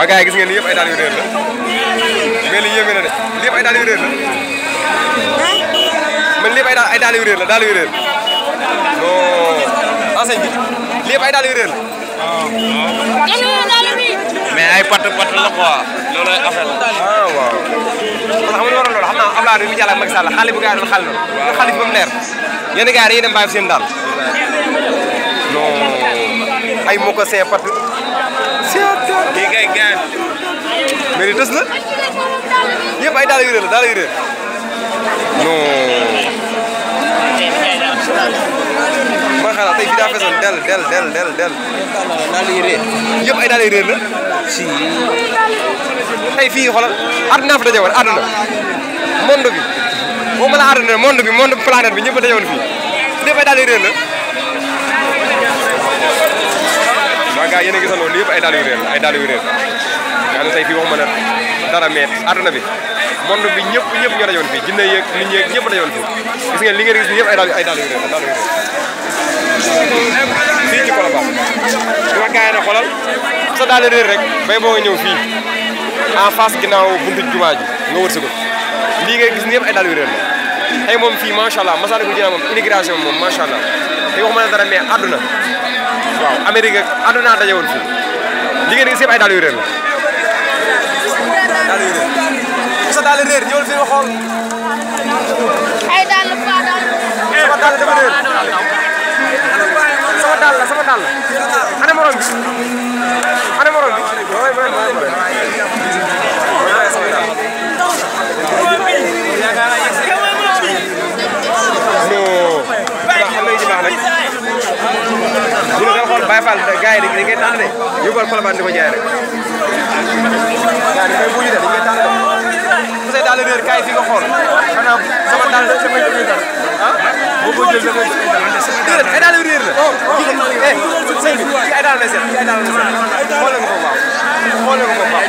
waaw gars yi gis ngeen ni yëpp ay daal yu réer la mais lii yéeme na de lii yëpp ay daal yu réer la man lii yëpp ay daal ay daal yu réer la daal yu réer non ah, enseigne bi lii yëpp ay daal yu réer la. mais ay pat pat la quoi loolu ay affaire la. ah waaw man xam nga waroon loolu xam naa Abdoulaye Diouf Diallo ak Macky Sall xale bu gars yi doon xale noonu. waaw xale ba mu leer yenn gars yi dañuy dem bàyyi seen daal. non ay moko see pat. tës la yëpp ay daal yu réer la daal yu réer non. daa feesoon del del del del del daal yu réer ay daal yu réer la si tey fii xoolal àdduna fa daje woon àdduna monde bi boo ma la àdduna monde bi monde planète fii lépp ay daal yu réer la waa gars yéen a gisandoo yëpp ay daal yu réer xam ne tey fii waxuma la dara mais bi monde bi ñëpp ñëpp ñoo ñëpp dajoon fii gis ngeen li ngeen gis ñëpp ay daal ay daal yu réew fii ci Colobane bi ma gars yi na xoolal sa daal nga gis ñëpp ay fii macha allah masaale ko moom immigration moom macha allah tey waxuma la dara mais àdduna waaw Amérique àdduna dajewoon fii li ngeen gis yëpp ay daal yu réew sa daal réer ñëwal fi nga ay daal la faa sama daal dafa réer. sama daal la sama daal ana morom bi. ana morom bi. Baye Fall gars yi da ngeen ànd de yóbbal di ko rek samay damay dara ah boo ko jël da ngay déedéet ay daal yu réer la. kii oh, la oh. eh sëñ bi kii ay daal lay seet kii ay daal lay seet xoolal nga ko baax xoolal nga ko baax